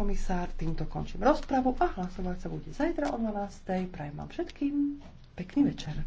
komisár, týmto končím rozpravu a hlasovať sa bude zajtra o 12.00. Prajem vám všetkým pekný večer.